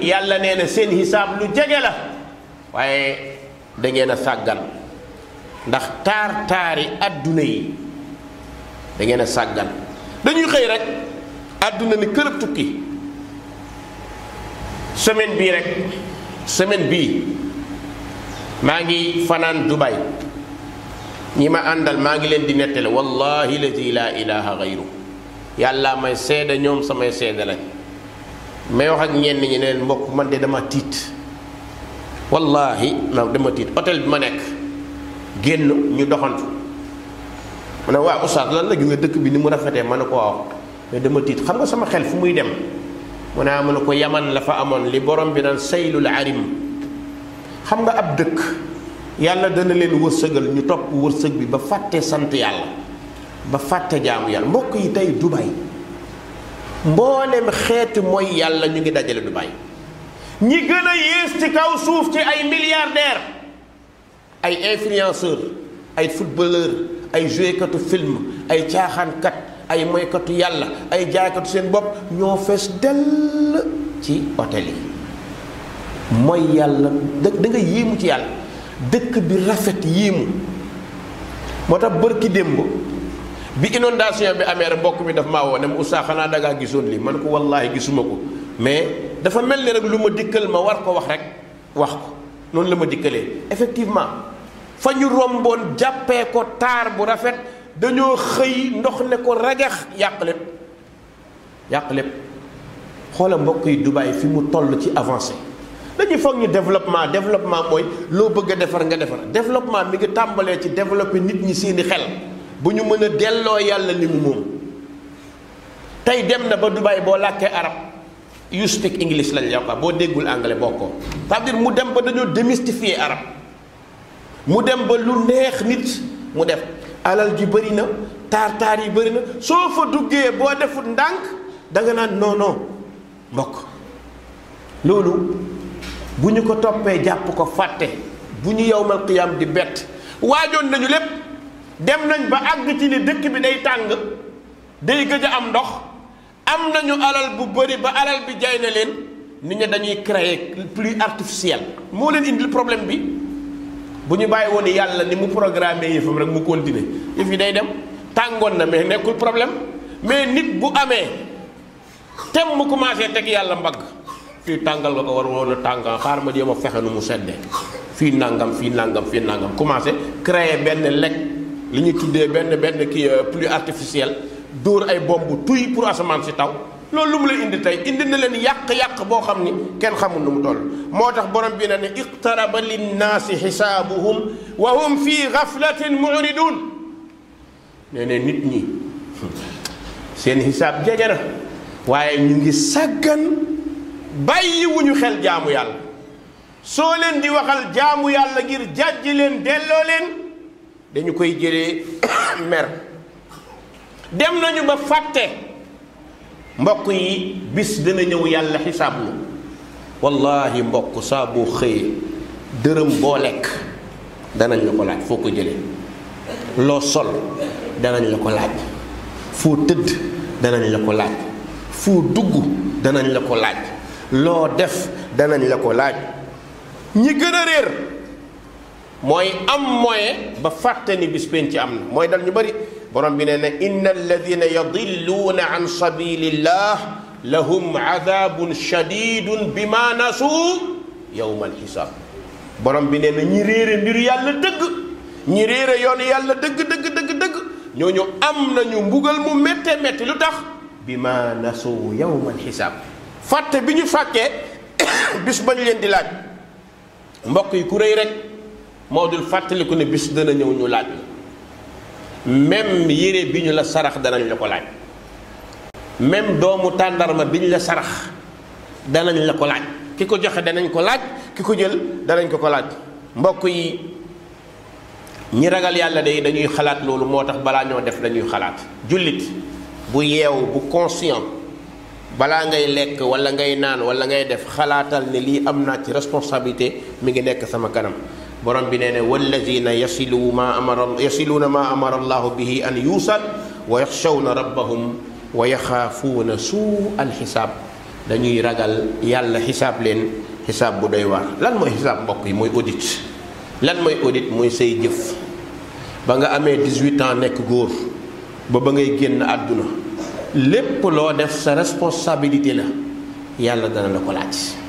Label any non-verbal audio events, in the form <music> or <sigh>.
yàlla nee na seen hisaab lu jege la waaye da a sàggan ndax taar taari àdduna yi dangeen a sàggan dañuy xëy rek àdduna ni kërëb tukki semaine bii rek semaine bii maa ngi fanaan Dubai ñi ma àndal maa ngi leen di nettale wallahi lazi la ilaha gayru yàlla may seede ñoom samay seede lañ may wax ak ñenn ñi ne mbokk man de dama tiit wallaahi na dama tiit hôtel bi ma nekk génn ñu doxantu ma ne waaw oustaz lan la gis nga dëkk bi ni mu rafetee man ne ko waaw mais dama tiit xam nga sama xel fu muy dem mu ne ah ma ne ko yaman la fa amoon li borom bi naan saylul arim xam nga ab dëkk yàlla dana leen wërsëgal ñu topp wërsëg bi ba fàtte sant yàlla ba fàtte jaamu yàlla mbokk yi tey Dubai. mbollem xet moy yàlla ñu ngi dajale Dubaï ñi gëna a yées ci kaw suuf ci ay milliardaires ay influenceurs ay footballeurs ay katu film ay tiaxan kat ay moy katu yàlla ay jaay katu seen bop ñoo fess del ci hôtel yi moy yàlla da nga yimu ci yàlla dëkk bi rafet yimu motax barki bërki bi inondation bi amee rek mbokk mi daf maa woo ne ma oustaz xanaa dangaa gisoon lii man ko wallaahi gisuma ko mais dafa mel ni rek lu ma dikkal ma war ko wax rek wax ko noonu la ma dikkalee effectivement fa ñu romboon jàppee ko taar bu rafet dañoo xëy ndox ne ko ragex yàq lépp yàq lépp xoola mbokk yi Dubaï fi mu toll ci avancé dañuy foog ñu developpement développement mooy loo bëgg defar nga defar developpement mi ngi tàmbalee ci développer nit ñi seeni xel bu ñu mën a delloo yàlla li mu moom tey dem na ba Dubaï boo làkkee arab you speak English lañ la boo déggul anglais bokkoo cest dire mu dem ba dañu démystifier arab mu dem ba lu neex nit mu def alal ji bëri na taar-taar yi bëri na soo fa duggee boo defut ndànk danga naan non non mbokk loolu bu ñu ko toppee jàpp ko fàtte bu ñu yow yowmal qiyaam di bett waajoon nañu lépp. dem nañ ba àgg ci ni dëkk bi day tàng day gëj am ndox am nañu alal bu bëri ba alal bi jay na leen nit ñi dañuy créer pluie artificielle moo leen indil problème bi bu ñu bàyyi woon yàlla ni mu programme yëfam rek mu continuer yëf yi day dem tàngoon na mais nekkul problème mais nit bu amee tem mu commencé teg yàlla mbagg fii tàngal nga ko war woon a tàngal xaar ma jéem a fexe nu mu seddee fii nangam fii nangam fii nangam commencé créer benn lekk li ñu tuddee benn benn kii euh, pluie artificielle dóor ay bomb tuy pour asamaan si taw loolu lu mu la indi tey indi na leen yàq-yàq boo xam ni kenn xamul nu mu toll moo tax borom bi na ne iqtaraba linnaasi xisaabuhum wa hum fi gaflatin muridun nee ne nit ñi <laughs> seen xisaab waaye ñu ngi sàggan bàyyi wu ñu xel jaamu yàlla soo leen di waxal jaamu yàlla ngir jàjj leen delloo leen dañu koy jëlee mer dem nañu ba fàtte mbokk yi bis dina ñëw yàlla xisaab lu wallahi mbokk saa boo xëyee dërëm boo lekk danañ la ko laaj foo ko jëlee loo sol danañ la ko laaj foo tëdd danañ la ko laaj foo dugg danañ la ko laaj loo def danañ la ko laaj ñi gën a réer mooy am moyen ba fàtte ni bis penc am na mooy dal ñu bëri borom bi nee na inna alladina yadilluuna an sabilillah lahum adabun shadidun bima nasu yawma alxisaab borom bi nee na ñi réere mbiru yàlla dëgg ñi réere yoonu yàlla dëgg dëgg dëgg dëgg ñooñu am nañu mbugal mu métte métti lu tax bima nasu yawma alxisaab fàtte bi ñu fàkkee bis bañ leen di laaj mbokk yi ku rëy rek moo dul fàttaliku ne bis dana ñëw ñu laaj la même yére bi ñu la sarax danañ la ko laaj même doomu tàndarma bi ñu la sarax danañ la ko laaj ki ko joxe danañ ko laaj ki ko jël danañ ko ko laaj mbokk yi ñi ragal yàlla de dañuy xalaat loolu moo tax balaa ñoo def dañuy xalaat jullit bu yeew bu conscient balaa ngay lekk wala ngay naan wala ngay def xalaatal ne lii am naa ci responsabilité mi ngi nekk sama kanam برام بنين والذين يصلوا ما أمر يصلون ما أمر الله به أن يوصل ويخشون ربهم ويخافون سوء الحساب دنيي رجل يلا حساب لين حساب بديوار لن مو حساب بقي مو أوديت لن مو أوديت مو سيجف بعها أمي 18 عام نك غور ببعها يجين أدنى لب لو دفس responsibility لا يلا دنا لكولاتي